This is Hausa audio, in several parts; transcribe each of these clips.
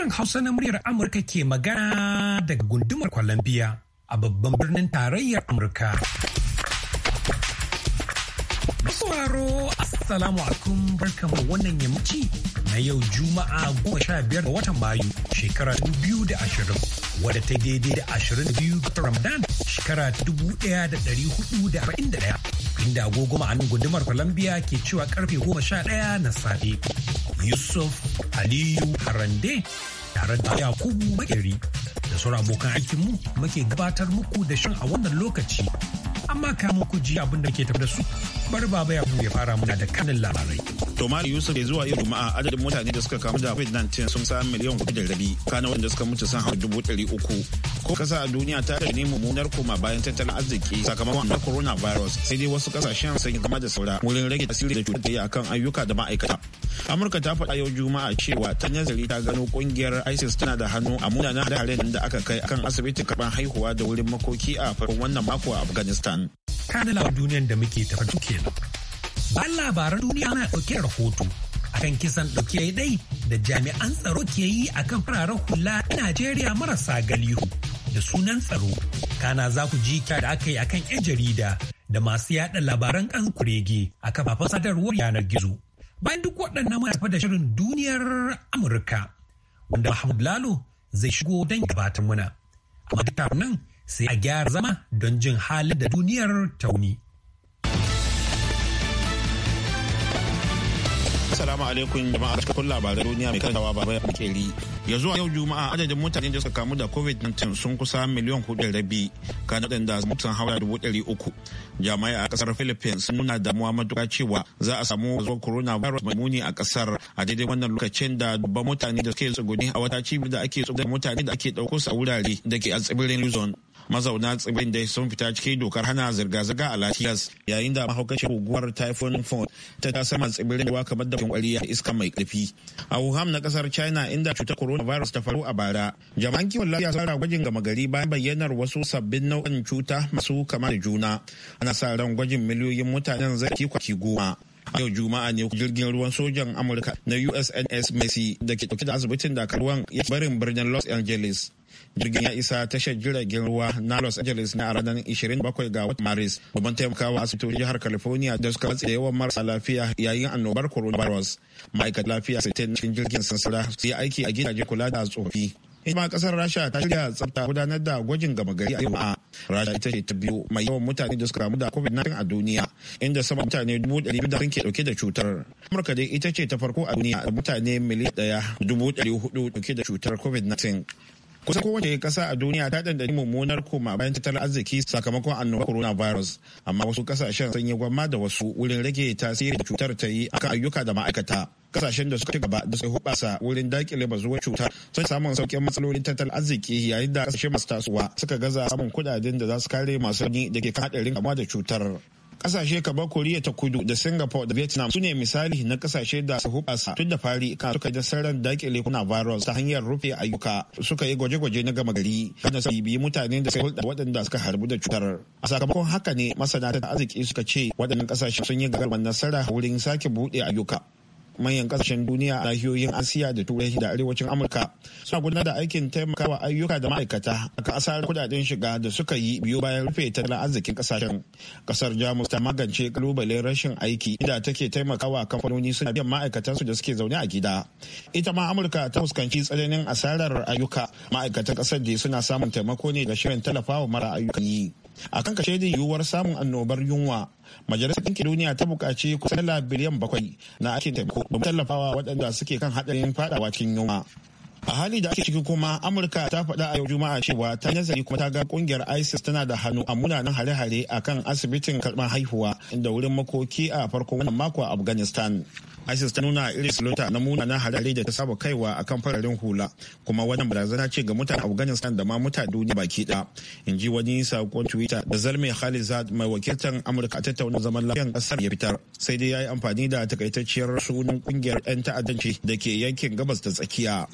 Sashen Hausa na muryar Amurka ke magana daga gundumar kwalambiya a babban birnin tarayyar Amurka. Sauraro Assalamu alaikum barkamu wannan yammaci na yau Juma'a goma sha biyar ga watan Mayu shekara biyu da ashirin wadda ta daidai da ashirin da biyu ga Ramadan shekara dubu ɗaya da ɗari hudu da arba'in da ɗaya inda agogo ma'anin gundumar Columbia ke cewa karfe goma sha ɗaya na safe. Yusuf Aliyu Harande tare da ku Makeri da sauran abokan aikinmu muke gabatar muku da shan a wannan lokaci. Amma kamun ku ji abin da ke tafi da su, bar baba ya ya fara muna da kanin labarai. to mali yusuf ke zuwa yau juma'a adadin mutane da suka kamu da covid-19 sun sa miliyan kudu da rabi kana wanda suka mutu sun hau dubu ɗari uku ko kasa a duniya ta ne mummunar koma bayan tattalin arziki sakamakon na coronavirus sai dai wasu kasashen sun yi da saura wurin rage tasiri da cutar da akan ayyuka da ma'aikata amurka ta faɗa yau juma'a cewa ta nazari ta gano kungiyar isis tana da hannu a munanan hare-haren da aka kai akan asibitin karban haihuwa da wurin makoki a farkon wannan mako a afghanistan kanilawar duniyar da muke tafi kenan Bayan labaran duniya ana ɗauke da rahoto akan kisan ɗauke dai da jami'an tsaro ke yi a kan fararen hula a Najeriya marasa galihu da sunan tsaro. Kana za ku ji da aka yi a kan 'yan jarida da masu yaɗa labaran kan kurege a kafafen sadarwar yanar gizo. Bayan duk waɗannan muna tafi da shirin duniyar Amurka wanda Mahmud Lalo zai shigo don gabatar muna. Amma duk nan sai a gyara zama don jin halin da duniyar tauni. Assalamu alaikum jama'a cikin labaran duniya mai karantawa baba ya keri. Ya zuwa yau Juma'a adadin mutane da suka kamu da COVID-19 sun kusa miliyan hudu da rabi kan waɗanda sun haura dubu ɗari uku. jama'a a kasar Philippines sun nuna damuwa matuƙa cewa za a samu zuwa coronavirus mai muni a kasar a daidai wannan lokacin da dubban mutane da suke tsuguni a wata cibiyar da ake tsuguni mutane da ake ɗauko su a wurare da ke a tsibirin Luzon. mazauna tsibirin dai sun fita cikin dokar hana zirga-zirga a Latias yayin da mahaukacin guguwar typhoon fon ta ta sama tsibirin ruwa kamar da kwariya iska mai karfi a wuhan na kasar china inda cutar coronavirus ta faru a bara jama'an kiwon lafiya sun fara gwajin gama gari bayan bayyanar wasu sabbin nau'in cuta masu kama da juna ana sa ran gwajin miliyoyin mutanen zai kwaki goma a yau juma'a ne jirgin ruwan sojan amurka na usns messi da ke dauke da asibitin ruwan ya barin birnin los angeles jirgin ya isa tashar jiragen ruwa na los angeles na ranar 27 ga watan maris babban taimakawa asibitoci jihar california da suka matsa yawan marasa lafiya yayin annobar coronavirus ma'aikata lafiya 60 cikin jirgin sansara su yi aiki a gidaje kula da tsofi a kasar rasha ta shirya tsabta gudanar da gwajin gama gari a a. rasha ita ce ta biyu mai yawan mutane da suka kamu da covid-19 a duniya inda sama mutane dubu ɗari da ke dauke da cutar amurka dai ita ce ta farko a duniya da mutane miliyan ɗaya dubu ɗari hudu dauke da cutar covid-19 kusan kowace kasa a duniya ta dandani mummunar koma bayan tattalin arziki sakamakon annobar coronavirus amma wasu kasashen sun yi gwamma da wasu wurin rage tasiri da cutar ta yi akan ayyuka da ma'aikata kasashen da suka ci gaba da sai hubasa wurin dakile bazuwar cuta sun samun sauƙin matsalolin tattalin arziki yayin da kasashe masu tasowa suka gaza samun kudaden da za su kare masu rauni da ke kan haɗarin kamuwa da cutar Kasashe kamar Koriya ta kudu da Singapore da Vietnam su ne misali na kasashe da su hubasa tun da fari kan suka da nasarar dakile kuna virus ta hanyar rufe ayyuka suka yi gwaje-gwaje na gama gari kana sai biyi mutane da sai hulɗa waɗanda suka harbu da cutar. A sakamakon haka ne masana ta arziki suka ce waɗannan kasashe sun yi gagarumar nasara wurin sake buɗe ayyuka. manyan kasashen duniya a nahiyoyin asiya da turai da arewacin amurka suna gudanar da aikin taimakawa ayyuka da ma'aikata a kasar kudaden shiga da suka yi biyu bayan rufe tattalin arzikin kasashen kasar jamus ta magance kalubalen rashin aiki inda take taimakawa kamfanoni suna biyan ma'aikatansu da suke zaune a gida ita ma amurka ta fuskanci tsananin asarar ayyuka ma'aikatan kasar da suna samun taimako ne ga shirin tallafawa mara ayyukan yi a kan kashe da yiwuwar samun annobar yunwa majalisar ɗinkin duniya ta buƙaci kusan dala biliyan bakwai na ake taimako domin tallafawa waɗanda suke kan haɗarin faɗawa cikin yunwa a hali da ake ciki kuma amurka ta faɗa a yau juma'a cewa ta nazari kuma ta ga kungiyar isis tana da hannu a munanan hare-hare a kan asibitin karɓar haihuwa da wurin makoki a farkon wannan mako a afghanistan isis ta nuna iris lota na munanan hare-hare da ta saba kaiwa a kan fararen hula kuma wannan barazana ce ga mutanen afghanistan da ma mutane duniya baki ɗaya in ji wani sakon twitter da zalme khalizad mai wakiltar amurka a tattauna zaman lafiyar ƙasar ya fitar sai dai ya yi amfani da takaitacciyar sunan kungiyar 'yan ta'addanci da ke yankin gabas da tsakiya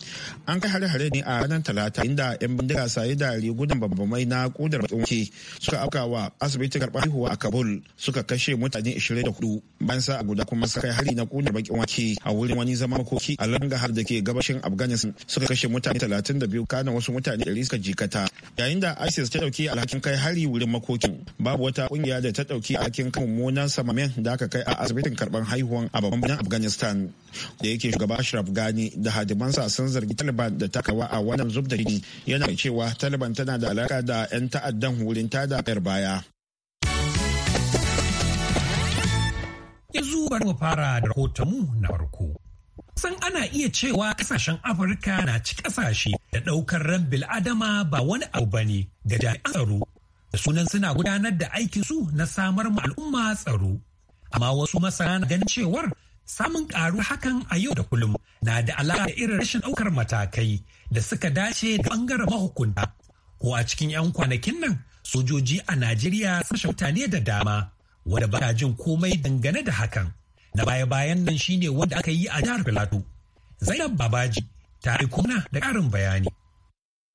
an kai hare-hare ne a ranar talata inda 'yan bindiga saye da rigunan bambamai na kudar tsunki suka auka wa asibitin karɓar haihuwa a kabul suka kashe mutane 24 bayan sa guda kuma suka kai hari na kudar bakin wake a wurin wani zama makoki a langa har da ke gabashin afghanistan suka kashe mutane 32 kana wasu mutane 100 suka jikata yayin da isis ta dauki alhakin kai hari wurin makokin babu wata kungiya da ta dauki alhakin kan mummunan samamen da aka kai a asibitin karɓar haihuwan a babban birnin afghanistan da yake shugaba ashraf gani da hadimansa sun zargi taliban da ta takawa a wannan zub da yana cewa taliban tana da alaka da 'yan ta'addan wurin tada kayar baya yanzu bari mu fara da rahotonmu na farko san ana iya cewa kasashen afirka na ci kasashe da ɗaukar ran bil'adama ba wani abu ba ne ga jami'an tsaro da sunan suna gudanar da aikinsu na samar ma al'umma tsaro amma wasu masana na ganin cewar Samun karu hakan a yau da kullum na da alaƙa da irin rashin ɗaukar matakai da suka dace da ɓangaren mahukunta. Ko a cikin 'yan kwanakin nan sojoji a Najeriya sun mutane da dama wanda ba jin komai dangane da hakan. Na baya-bayan nan shine wanda aka yi a jihar Filato. Zainab Babaji ta kuma da ƙarin bayani.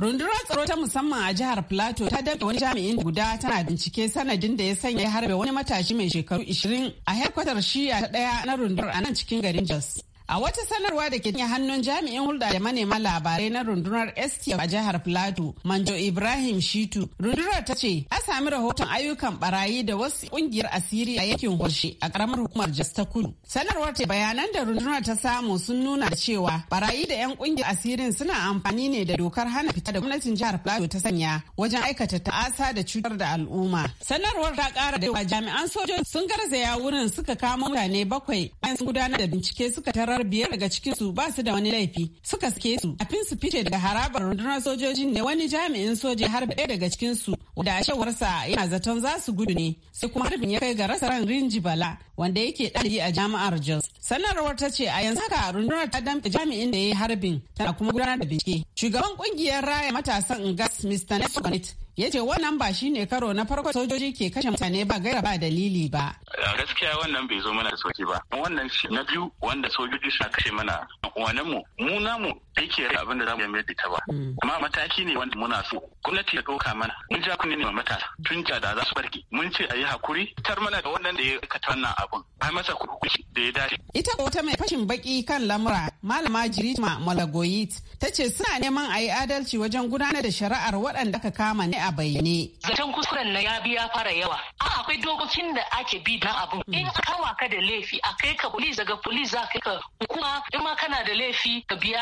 Rundunar tsaro ta musamman a jihar Plateau ta dabe wani jami'in guda tana bincike sanadin da ya sanya ya harbe wani matashi mai shekaru 20 a hedkwatar shiya ta daya na rundunar a nan cikin garin Jos. A wata sanarwa da ke hannun jami'in hulɗa da manema labarai na rundunar st a jihar Plateau, Manjo Ibrahim Shitu, rundunar ta ce, a sami rahoton ayyukan barayi da wasu ƙungiyar asiri a yankin Horshe a ƙaramar hukumar Jos ta Kudu. Sanarwar ta bayanan da rundunar ta samu sun nuna da cewa barayi da 'yan ƙungiyar asirin suna amfani ne da dokar hana fita da gwamnatin jihar Plateau ta sanya wajen aikata ta'asa da cutar da al'umma. Sanarwar ta ƙara da jami'an sojoji sun garzaya wurin suka kama mutane bakwai bayan sun gudanar da bincike suka tarar har biyar daga cikin su ba su da wani laifi suka suke su fin su fice daga harabar rundunar sojojin ne wani jami'in soja har ɗaya daga cikin su da shawarsa yana zaton za su gudu ne sai kuma harbin ya kai ga rasa ran rinji bala wanda yake ɗalibi a jami'ar jos sanarwar ta ce a yanzu haka rundunar ta damfe jami'in da ya yi harbin tana kuma gudanar da bincike shugaban kungiyar raya matasan ngas mr nefnet ya ce wannan ba shi ne karo na farko sojoji ke kashe mutane ba gaira ba dalili ba. gaskiya wannan bai zo mana da sauki ba wannan shi na biyu wanda sojoji suna kashe mana wani mu mu namu yake abin da za mu yi ta ba hmm. amma mataki ne wanda muna so gwamnati ya ɗauka mana mun ja kun ne ne matasa tun jada za su barke mun ce a yi hakuri tar mana da wannan da ya aikata wannan abun a masa kuɗi da ya dace. ita wata mai fashin baki kan lamura Malama Jirima Malagoyit ta ce suna neman a yi adalci wajen gudanar da shari'ar waɗanda ka kama ne a bayyane. Zaton kuskuren na ya biya fara yawa. A akwai dokokin da ake bi na abin. Hmm. In kawa ka da laifi a kai ka police daga police za ka ka hukuma in ma kana da laifi ka biya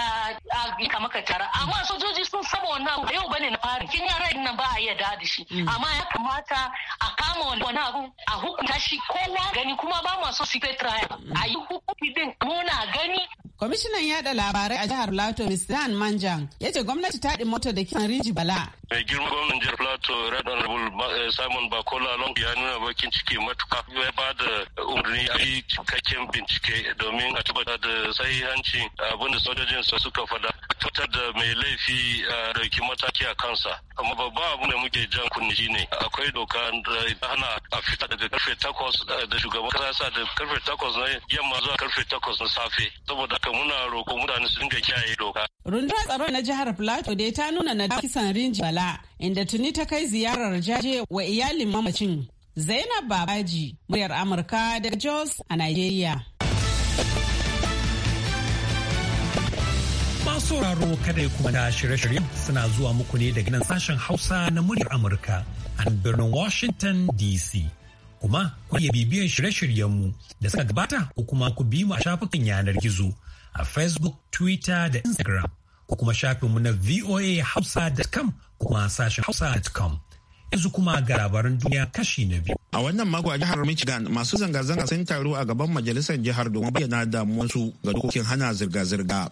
ka maka tara. Amma sojoji sun saba wannan abu yau bane na fara. Kin yara nan ba a iya da shi. Hmm. Amma ya kamata a kama wani abu a hukunta shi kowa gani kuma ba ma so su trial. Hmm. A yi hukunci din muna gani. Kwamishin Kwamishinan yada labarai a jihar Plateau, Mr. Dan Manjang ya ce gwamnati ta mota da kisan Rinji Bala. Mai girma gwamnan jihar Plateau, Red Honorable eh, Simon Bakola Long ya nuna bakin ciki matuka ya ba da umarni a yi cikakken bincike domin a tabbatar da sahihanci abin da sojojin suka faɗa. Tabbatar da mai laifi a dauki mataki a kansa. Amma babba abu da muke jan kunni shine akwai doka da hana a fita daga karfe takwas da shugaban kasa da karfe takwas na yamma zuwa karfe takwas na safe. Saboda haka muna roƙo mutane su dinga kiyaye doka. Rundunar tsaro na jihar Plateau dai ta nuna na kisan Rinji Bala inda tuni ta kai ziyarar jaje wa iyalin mamacin. Zainab Babaji, muryar Amurka daga Jos a Nigeria. Masu sauraro kada ya kuma da shirye-shiryen suna zuwa muku ne daga nan sashen Hausa na muryar Amurka a birnin Washington DC. Kuma ku iya bibiyan shirye-shiryenmu da suka gabata ko kuma ku bi mu a shafukan yanar gizo. a Facebook, Twitter da Instagram ko kuma shafinmu na VOA Hausa.com kuma sashen Hausa.com. Yanzu kuma ga labaran duniya kashi na biyu. A wannan mako a jihar Michigan masu zanga-zanga sun taru a gaban majalisar jihar domin bayyana damuwansu ga dokokin hana zirga-zirga.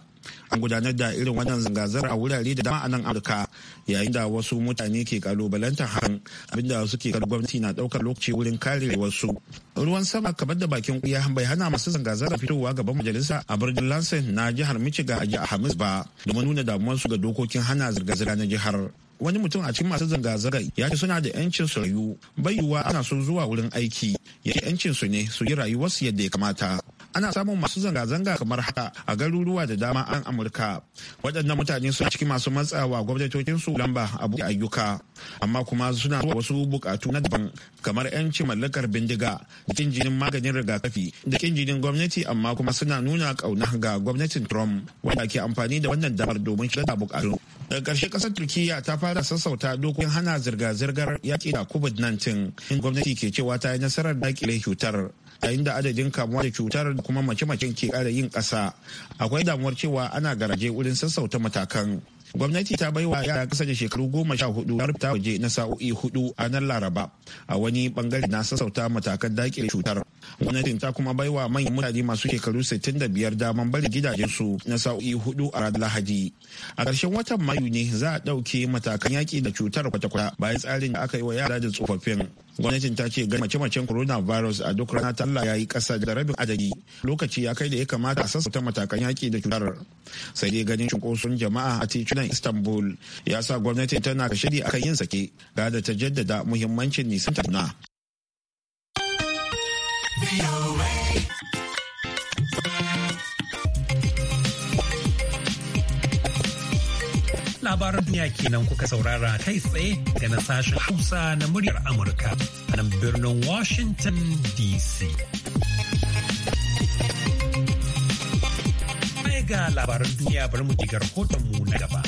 an gudanar da irin wannan zanga zanga a wurare da dama a nan amurka yayin da wasu mutane ke kalubalantar hakan abinda suke kar gwamnati na daukar lokaci wurin kare wasu ruwan sama kamar da bakin kuya bai hana masu zanga zanga fitowa gaban majalisa a birnin lansing na jihar michigan a jihar hamis ba domin nuna damuwarsu ga dokokin hana zirga-zirga na jihar wani mutum a cikin masu zanga zanga ya ce suna da yancin su rayu bayuwa ana so zuwa wurin aiki ya yancin su ne su yi rayuwarsu yadda ya kamata ana samun masu zanga-zanga kamar haka a garuruwa da dama an amurka waɗannan mutane suna cikin masu matsawa gwamnatocinsu lamba a buɗe ayyuka amma kuma suna zuwa wasu buƙatu na daban kamar 'yanci mallakar bindiga da jinin maganin rigakafi da jinin gwamnati amma kuma suna nuna ƙauna ga gwamnatin trump wanda ke amfani da wannan damar domin shirya buƙatu. daga ƙarshe ƙasar turkiyya ta fara sassauta dokokin hana zirga-zirgar yaƙi da covid-19 gwamnati ke cewa ta yi nasarar daƙile cutar yayin da adadin kamuwa da cutar da kuma mace mace ke ƙara yin ƙasa akwai damuwar cewa ana garaje wurin sassauta matakan gwamnati ta bai wa yara kasa da shekaru goma sha hudu har ta waje na sa'o'i hudu a nan laraba a wani bangare na sassauta matakan daƙile cutar gwamnatin ta kuma bai wa manyan mutane masu shekaru 65 daman barin su. na sa'o'i hudu a ranar lahadi a ƙarshen watan mayu ne za a ɗauke matakan yaki da cutar kwata-kwata bayan tsarin da aka yi wa yara da tsofaffin gwamnatin ta ce gani mace-macen coronavirus a duk rana talla ya yi ƙasa da rabin adadi lokaci ya kai da ya kamata a sassauta matakan yaki da cutar sai dai ganin cunkoson jama'a a titunan istanbul ya sa gwamnatin tana kashe akan yin sake ga da ta jaddada muhimmancin nisan tuna labaran duniya kenan kuka saurara kai tsaye daga na sashen Hausa na muryar Amurka a nan birnin Washington DC. ga labaran duniya bari mu diga mu na gaba.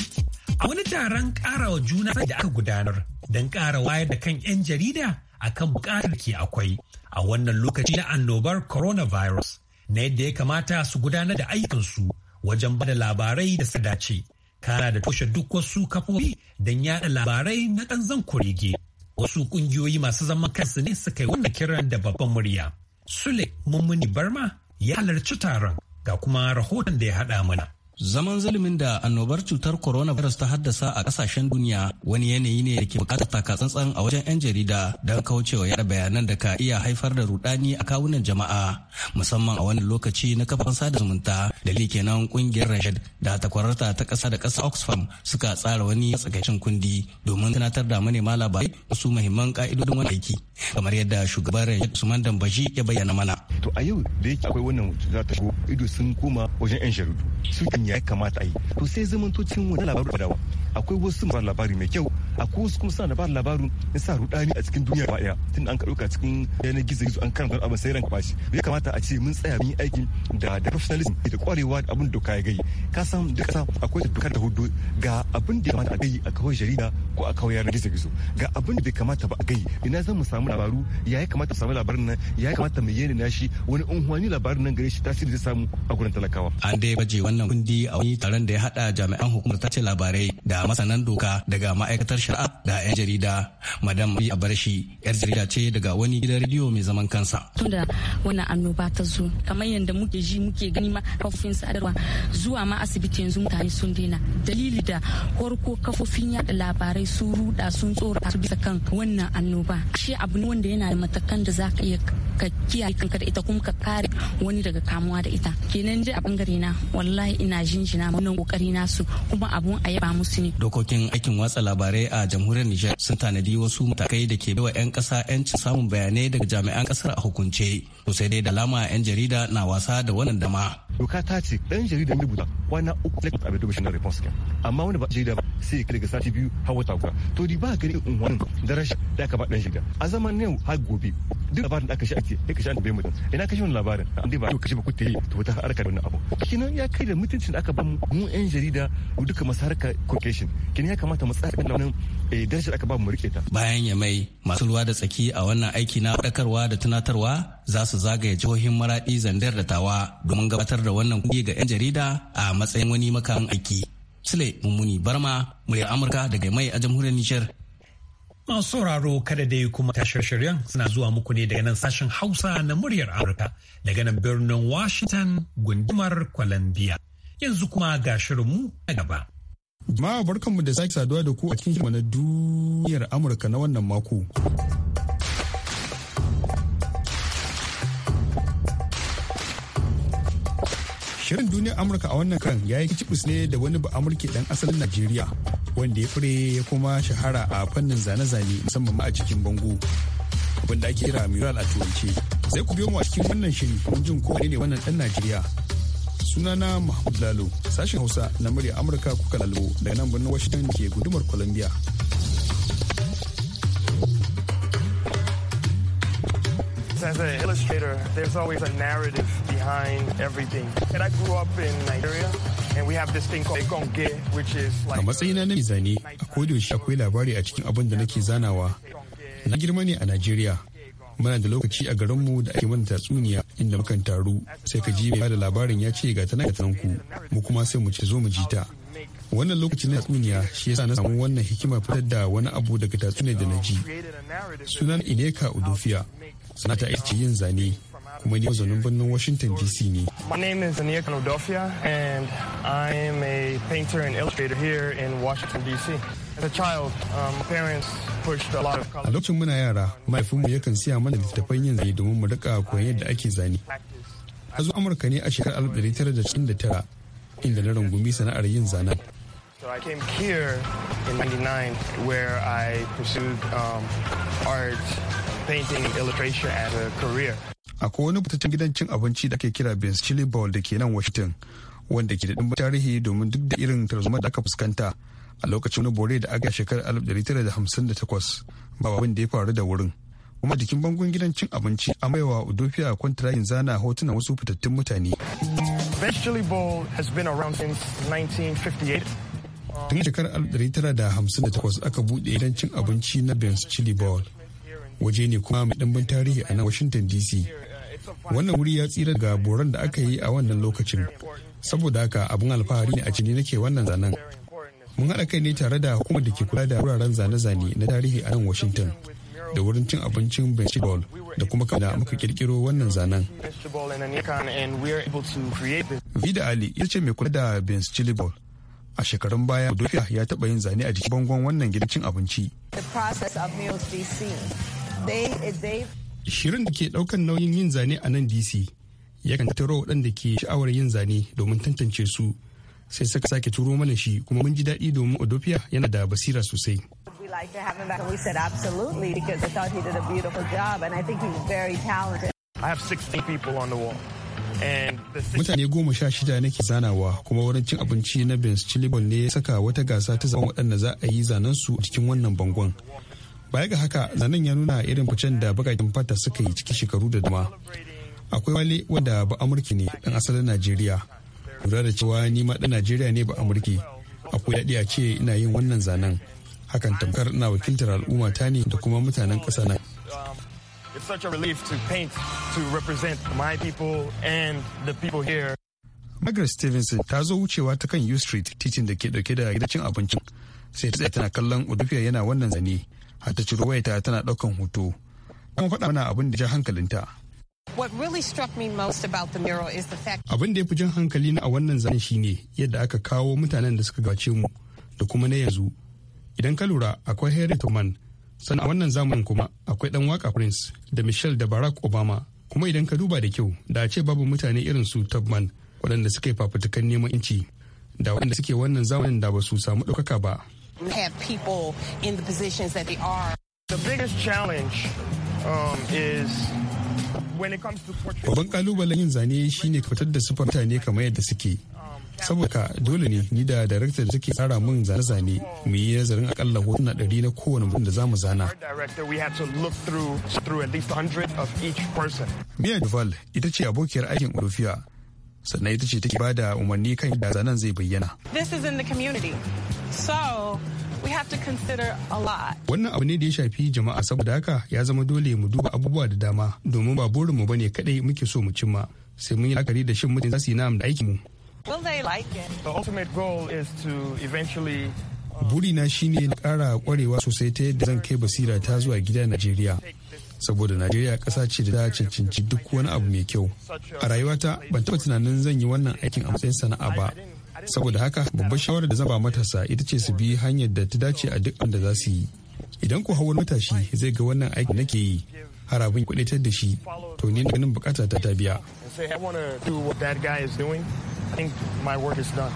A wani taron ƙarawa juna da aka gudanar don ƙara wayar da kan 'yan jarida a kan bukatar ke akwai a wannan lokaci na annobar coronavirus na yadda ya kamata su gudanar da aikinsu wajen bada labarai da su dace kana da toshe duk wasu kafofi don yada labarai na ɗanzan kurege. Wasu ƙungiyoyi masu zaman kansu ne suka yi wannan kiran da babban murya. Sule Mummuni Barma ya halarci taron ga kuma rahoton da ya haɗa mana. Zaman zulumin da annobar cutar virus ta haddasa a kasashen duniya wani yanayi ne da ke bukatar tsantsan a wajen 'yan jarida don kaucewa yada bayanan da ka iya haifar da rudani a kawunan jama'a musamman a wani lokaci na kafan sada zumunta da kenan kungiyar rashid da takwararta ta kasa da kasa oxfam suka tsara wani tsakaicin kundi domin tunatar da manema labarai wasu muhimman ka'idodin wani aiki. kamar yadda shugaban Usman Dambashi ya bayyana mana. To a yau da yake akwai wannan za ta shigo ido sun koma wajen 'yan jaridu su kan ya kamata a yi. To sai zamantocin wani labaru dawa akwai wasu masu labari mai kyau akwai wasu kuma suna labarin labarin na sa rudani a cikin duniya baya tun an ka dauka cikin yanar gizo gizo an karanta abin sai ranka bashi ya kamata a ce mun tsaya mun yi aikin da da professionalism da kwarewa da abin doka ya gai ka san ka san akwai doka da hudu ga abin da ya kamata a gai a kawai jarida ko a kawai yanar gizo gizo ga abin da ya kamata ba a gai ina zan mu samu labaru ya ya kamata samu labarin nan ya ya kamata mai yana nashi wani unhuwani labarin nan gare shi tasiri zai samu a gurin talakawa an dai baje wannan kundi a wani taron da ya hada jami'an hukumar tace labarai da masanan doka daga ma'aikatar shari'a da 'yan jarida madam a barshi 'yar jarida ce daga wani gidan rediyo mai zaman kansa tunda wannan annoba ta zo kamar yadda muke ji muke gani ma kafofin sadarwa zuwa ma asibiti yanzu mutane sun daina dalili da horko kafofin yada labarai sun ruda sun tsora su bisa kan wannan annoba shi abu wanda yana da matakan da za ka iya ka kiyaye kanka da ita kuma ka kare wani daga kamuwa da ita kenan je a bangare na wallahi ina jinjina wannan kokari nasu kuma abun a yaba musu ne dokokin aikin watsa labarai a jamhuriyar Nijar sun tanadi wasu matakai da ke baiwa 'yan kasa 'yancin samun bayanai daga jami'an kasar a hukunce to sai dai da lama 'yan jarida na wasa da wannan dama doka ta ce dan jarida rubuta kwana uku da abin da amma wani ba jarida sai daga sati biyu har wata guda to di ba gari in wani da rashin da aka faɗa shiga a zaman yau har gobe duk labarin da aka shi ake ya kashi an gobe mutum ina kashi wani labarin an dai ba yau kashi ba kuta yi to wata harkar wani abu kinan ya kai da mutuncin da aka ba mu yan jarida da duka masu harkar communication kinan ya kamata mu tsaya da wannan eh, da aka ba mu rike ta bayan ya mai masu ruwa da tsaki a wannan aiki na faɗakarwa da tunatarwa za su zagaya jihohin maraɗi zandar da tawa domin gabatar da wannan kuɗi ga 'yan jarida a matsayin wani makamin aiki Sule Mummuni Barma, muryar Amurka daga mai a jamhuriyar Nijar. Masu sauraro kada dai kuma tashar shirin suna zuwa muku ne daga nan sashen Hausa na muryar Amurka daga nan birnin Washington gundumar Columbia. Yanzu kuma ga shirinmu na gaba. Jama'a barkanmu da sake saduwa da ku a cikin na duniyar Amurka na wannan mako. Shirin duniyar Amurka a wannan kan ya yi kicibis ne da wani ba'amurke dan asalin Najeriya wanda ya fure ya kuma shahara a fannin zane-zane musamman ma a cikin bango. Wanda ake kira mural a turance. Sai ku biyo mu a cikin wannan shiri kun jin ko ne wannan dan Najeriya. Sunana Mahmud Lalo, sashen Hausa na murya Amurka kuka lalo daga nan birnin Washington ke gudumar Columbia. as an illustrator, there's always a narrative behind everything. And I grew up in Nigeria, and we have this thing called Ekonge, which is like... A matsayina na zane, a kodayaushe akwai labari a cikin abin da nake zanawa. Na girma ne a Najeriya. Muna da lokaci a garinmu da ake mana tatsuniya inda mukan taru sai ka ji mai da labarin ya ce ga tana ku mu kuma sai mu ce zo mu ji ta. wannan lokacin na tsuniya shi yasa na samu wannan hikima fitar da wani abu daga tatsuniyar da na ji sunan ineka udufiya sanata ta ce yin zane kuma ni mazaunin birnin washington dc ne my name is ineka and i am a painter and illustrator here um, lokacin muna yara mahaifinmu yakan siya mana littattafan yin zane domin mu rika koyon yadda ake zane a zuwa amurka ne a shekarar 1999 inda na rungumi sana'ar yin zanen So I came here in 99 where I pursued um, art, painting, illustration as a career. Akwai wani fitaccen gidan cin abinci da ake kira Vince Chili Ball da ke nan Washington wanda ke da ɗumbin tarihi domin duk da irin tarzoma da aka fuskanta a lokacin wani bore da aka shekarar 1958 ba abin da ya faru da wurin. Kuma jikin bangon gidan cin abinci a maiwa Udofia kwantarayin zana hotunan wasu fitattun mutane. Vince Chili Ball has been around since 1958. tun shekarar 1958 aka buɗe gidan cin abinci na ben's chili ball waje ne kuma mai ɗimbin tarihi a nan washington dc wannan wuri ya tsira daga boran da aka yi a wannan lokacin saboda haka abin alfahari ne a cini nake wannan zanen mun haɗa kai ne tare da hukumar da ke kula da wuraren zane-zane na tarihi a nan washington da wurin cin abincin ball da kuma kada muka kirkiro wannan zanen. Vida Ali ita ce mai kula da Ben's Chili Ball a shekarun baya Dofiya ya taɓa yin zane a jikin bangon wannan gidan cin abinci. Shirin da ke ɗaukan nauyin yin zane a nan DC ya yakan taro waɗanda ke sha'awar yin zane domin tantance su sai suka sake turo mana shi kuma mun ji daɗi domin Odofia yana da basira sosai. I have 16 people on the wall. Mutane goma sha shida nake zanawa kuma wurin cin abinci na Ben's Chilibon ne ya saka wata gasa ta zaɓen waɗanda za a yi zanen su cikin wannan bangon. Baya ga haka zanen ya nuna irin ficen da bakakin fata suka yi cikin shekaru da dama. Akwai wale wanda ba Amurki ne dan asalin Najeriya. Lura da cewa ni ma ɗan Najeriya ne ba Amurki. Akwai daɗi a ce ina yin wannan zanen. Hakan tamkar na wakiltar al'umma ta ne da kuma mutanen ƙasa na. It's such a relief to paint to represent my people and the people here. Margaret Stevenson ta zo wucewa ta kan U Street titin da ke dauke da gidan abincin sai ta tsaya tana kallon Udufia yana wannan zane har ta ciro wayata tana daukan hoto. An faɗa mana abin da ja hankalinta. Abin da ya fi jan hankali na a wannan zane shine yadda aka kawo mutanen da suka gace mu da kuma na yanzu. Idan ka lura akwai Harry Tubman sannan a wannan zamanin kuma akwai dan waka prince da michelle da barack obama kuma idan ka duba da kyau da a ce babu mutane irin su tubman waɗanda suka yi fafutukan neman inci da waɗanda suke wannan zamanin da ba su samu ɗaukaka ba um, Babban kalubalen yin zane shine fitar da siffar mutane kamar yadda suke saboda dole ne ni da darakta da take tsara mun zane-zane mu yi nazarin akalla hotuna ɗari na kowane mutum da zamu zana. Mia Duval ita ce abokiyar aikin Olufia sannan ita ce take ba da umarni kan yadda zanen zai bayyana. This is in the community. So we have to consider Wannan abu ne da ya shafi jama'a saboda haka ya zama dole mu duba abubuwa da dama domin ba burinmu bane kadai muke so mu cimma. sai mun yi la'akari da shin mutane za su yi na'am da aikinmu Will they like it? The ultimate goal is to eventually uh, burina shine kara ƙwarewa sosai ta yadda zan kai basira ta zuwa gida najeriya saboda najeriya ƙasa ce da ta cancanci duk wani abu mai kyau a rayuwata ban taɓa tunanin zan yi wannan aikin a matsayin sana'a ba saboda haka babbar shawarar da zaba matasa ita ce su bi hanyar da ta dace a duk da za su yi idan ku hawan matashi zai ga wannan aikin nake yi har abin kuɗaitar da shi to ni ganin bukata ta ta biya think my work is done.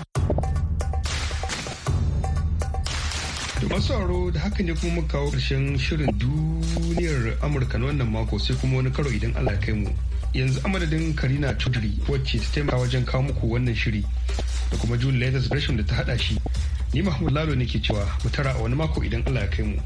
masu da haka ne kuma kawo karshen shirin duniyar amurka na wannan mako sai kuma wani karo idan allah kai mu yanzu amadadin karina tudri wacce ta taimaka wajen kawo muku wannan shiri da kuma june latest version da ta hada shi ni mahmud lalo ne ke cewa mu tara a wani mako idan allah kai mu.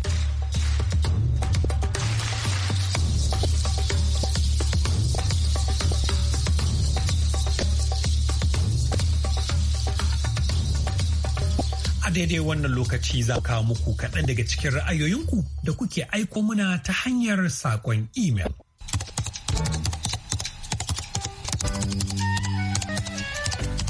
a daidai wannan lokaci za kawo muku kaɗan daga cikin ra'ayoyinku da kuke aiko muna ta hanyar saƙon imel.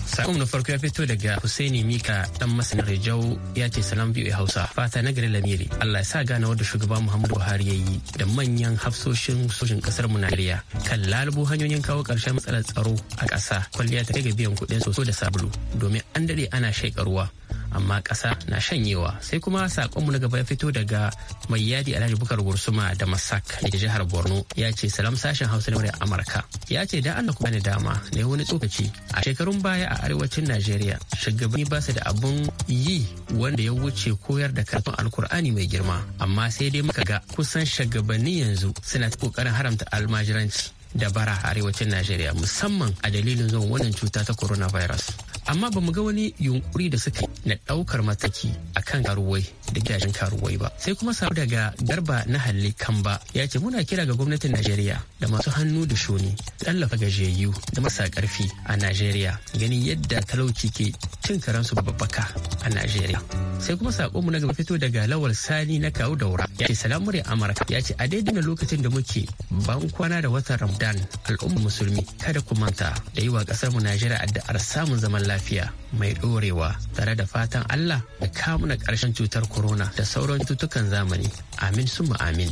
sakon na farko ya fito daga Husaini Mika dan masanin Rejau ya ce salam biyu Hausa fata na gari Lamiri Allah ya sa gane wadda shugaba Muhammadu Buhari ya yi da manyan hafsoshin sojin kasar mu Najeriya kan lalubo hanyoyin kawo karshen matsalar tsaro a ƙasa kwalliya ta kai ga biyan kuɗin soso da sabulu domin an dade ana shaƙa ruwa amma ƙasa na shanyewa sai kuma sakonmu na gaba ya fito daga mai yadi alhaji bukar gursuma da masak da jihar borno ya ce salam sashen hausa na amurka ya ce da allah kuma ni dama na wani tsokaci a shekarun baya a arewacin najeriya shugabanni ba su da abun yi wanda ya wuce koyar da karatun alkur'ani mai girma amma sai dai muka ga kusan shugabanni yanzu suna ta kokarin haramta almajiranci da bara a arewacin najeriya musamman a dalilin zuwan wannan cuta ta coronavirus amma ba mu ga wani yunkuri da suka na ɗaukar mataki a kan karuwai da gidajen karuwai ba sai kuma sabu daga garba na halli ba. ya ce muna kira ga gwamnatin najeriya da masu hannu da shuni tallafa gajiyayyu da masa karfi a najeriya ganin yadda talauci ke cin karansu babbaka a najeriya sai kuma sako mu na gaba fito daga lawal sani na kawo daura ya ce salamuri amurka ya ce a daidai lokacin da muke ban kwana da watan ramadan al'ummar musulmi kada ku manta da yi wa kasar mu najeriya addu'ar samun zaman lafiya lafiya mai ɗorewa tare da fatan Allah da kamuna ƙarshen cutar corona da sauran cutukan zamani. Amin summa amin.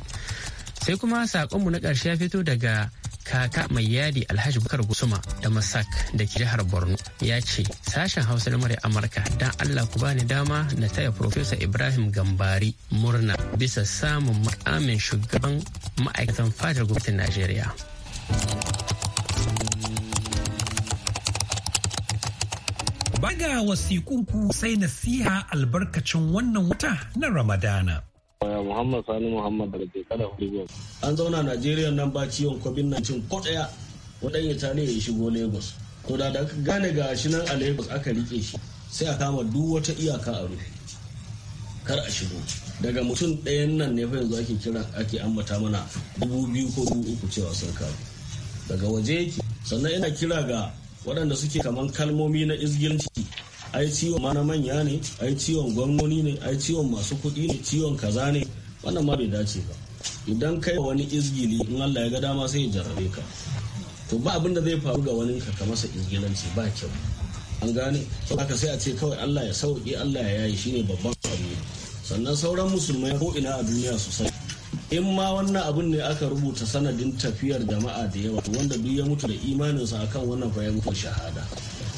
Sai kuma saƙonmu na ƙarshe ya fito daga kaka mai yadi alhaji bukar gusuma da masak da ke jihar borno ya ce sashen hausa na murya amurka don allah ku bani dama na taya profesa ibrahim gambari murna bisa samun mukamin shugaban ma'aikatan fadar gwamnatin najeriya baga ga wasikunku sai nasiha albarkacin wannan wata na Ramadana. Muhammad Sani Muhammad da ke kada An zauna Najeriya nan ba ciwon COVID-19 ko ɗaya waɗan ya ne ya shigo Lagos. To da da gane ga shi nan a Lagos aka rike shi sai a kama duk wata iyaka a rufe. Kar a shigo. Daga mutum ɗayan nan ne fa yanzu ake kira ake ambata mana dubu biyu ko dubu uku cewa sun kawo. Daga waje yake sannan ina kira ga waɗanda suke kamar kalmomi na izgilci ai ciwon ma manya ne ai ciwon gwamnoni ne ai ciwon masu kuɗi ne ciwon kaza ne wannan ma bai dace ba idan kai wani izgili in Allah ya ga dama sai ya jarrabe ka to ba abin da zai faru ga wani ka masa izgilanci ba kyau an gane haka sai a ce kawai Allah ya sauke Allah ya yi shine babban abu sannan sauran musulmai ko ina a duniya su sani in ma wannan abin ne aka rubuta sanadin tafiyar jama'a da yawa wanda duk ya mutu da imaninsa akan wannan fa ya shahada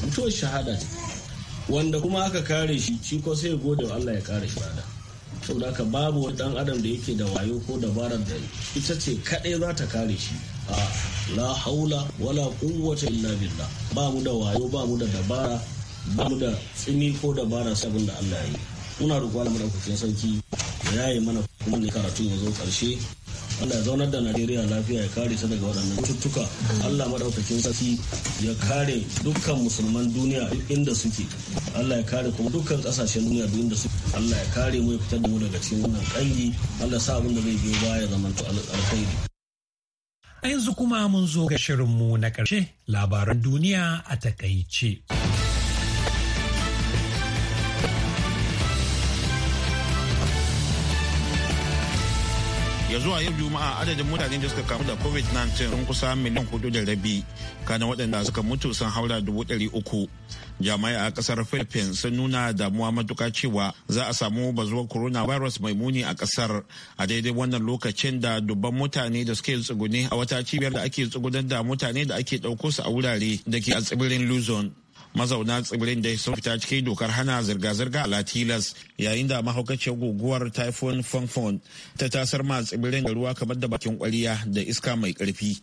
mutuwar shahada ce wanda kuma aka kare shi shi ko sai gode wa Allah ya kare shahada saboda haka babu wani dan adam da yake da wayo ko dabarar da ita ce kadai za ta kare shi a la haula wala quwwata illa billah ba mu da wayo ba mu da dabara ba mu da tsini ko dabara sabon da Allah ya yi muna roƙon Allah madaukakin sarki ya yi mana kuma ne karatu ya zo karshe Allah ya zaunar da Najeriya lafiya ya kare ta daga waɗannan cututtuka Allah madaukakin sarki ya kare dukkan musulman duniya inda suke Allah ya kare kuma dukkan kasashen duniya duk inda suke Allah ya kare mu ya fitar da mu daga cikin wannan kangi Allah sa abin da zai biyo baya to alkhairi a yanzu kuma mun zo ga shirinmu na ƙarshe labaran duniya a takaice. ya zuwa yau juma'a adadin mutane da suka kamu da covid-19 sun kusa miliyan hudu da rabi kana waɗanda suka mutu sun haura dubu ɗari uku jami'ai a ƙasar philippines sun nuna damuwa matuka cewa za a samu bazuwar coronavirus mai muni a ƙasar a daidai wannan lokacin da dubban mutane da suke tsugune a wata cibiyar da ake tsugunar da mutane da ake ɗauko su a wurare da ke a tsibirin luzon mazauna tsibirin dai sun fita cikin dokar hana zirga-zirga a tilas yayin da mahaukaciyar guguwar typhoon fongfon ta tasar ma tsibirin da ruwa kamar da bakin kwariya da iska mai karfi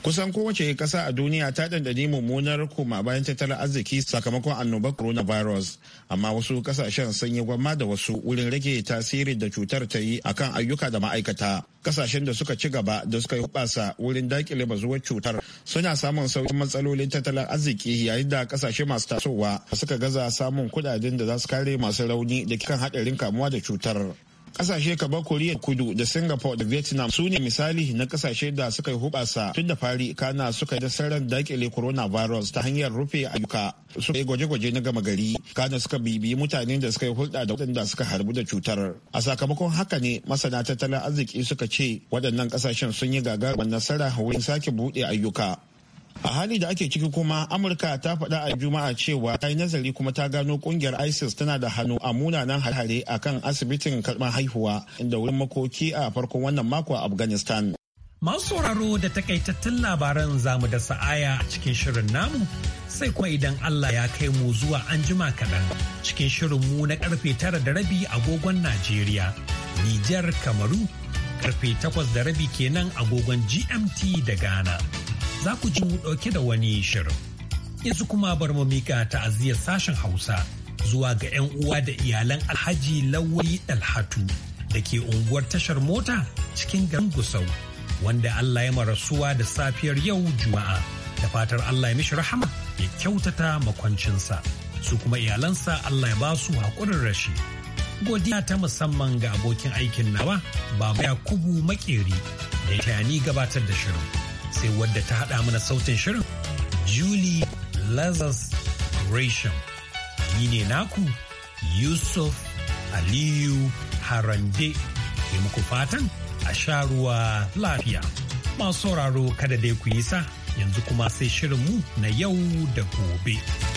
kusan kowace kasa a duniya ta dandani mummunar koma bayan tattalin arziki sakamakon annobar coronavirus amma wasu kasashen sun yi gwamma da wasu wurin rage tasirin da cutar ta yi a kan ayyuka da ma'aikata kasashen da suka ci gaba da suka yi hubasa wurin dakile bazuwar cutar suna samun sauƙin matsalolin tattalin arziki yayin da kasashe masu tasowa suka gaza samun kudaden da za su kare masu rauni da kan haɗarin kamuwa da cutar Kasashe kamar Koriya Kudu da Singapore da Vietnam su ne misali na kasashe da suka yi hubasa tun da fari kana suka yi nasarar dakile coronavirus ta hanyar rufe ayyuka su yi gwaje-gwaje na gama gari kana suka bibiyi mutane da suka yi hulɗa da waɗanda suka harbu da cutar. A sakamakon haka ne masana tattalin arziki suka ce waɗannan kasashen sun yi gagarumar nasara wurin sake buɗe ayyuka. a hali da ake ciki kuma amurka ta faɗa a juma'a cewa ta yi nazari kuma ta gano kungiyar isis tana da hannu a munanan hare a kan asibitin karɓar haihuwa da wurin makoki a farkon wannan mako a afghanistan masu sauraro da takaitattun labaran zamu da sa'aya a cikin shirin namu sai kuma idan allah ya kai mu zuwa an jima kaɗan cikin shirin mu na karfe tara da rabi agogon najeriya nijar kamaru karfe takwas da rabi kenan agogon gmt da ghana za ku ji mu ɗauke da wani shirin. Yanzu kuma bar mu mika ta'aziyar sashen Hausa zuwa ga 'yan uwa da iyalan Alhaji Lawai Dalhatu da ke unguwar tashar mota cikin garin Gusau wanda Allah ya marasuwa da safiyar yau Juma'a da fatar Allah ya mishi rahama ya kyautata makwancinsa su kuma iyalansa Allah ya ba su haƙurin rashi. Godiya ta musamman ga abokin aikin nawa Baba Yakubu Makeri da ya gabatar da shirin. sai wadda ta haɗa mana sautin shirin Julie Lazarus Gresham. Ni ne naku Yusuf Aliyu Harande ke muku fatan a sha ruwa lafiya. Masu sauraro kada dai ku yi sa yanzu kuma sai shirinmu na yau da gobe.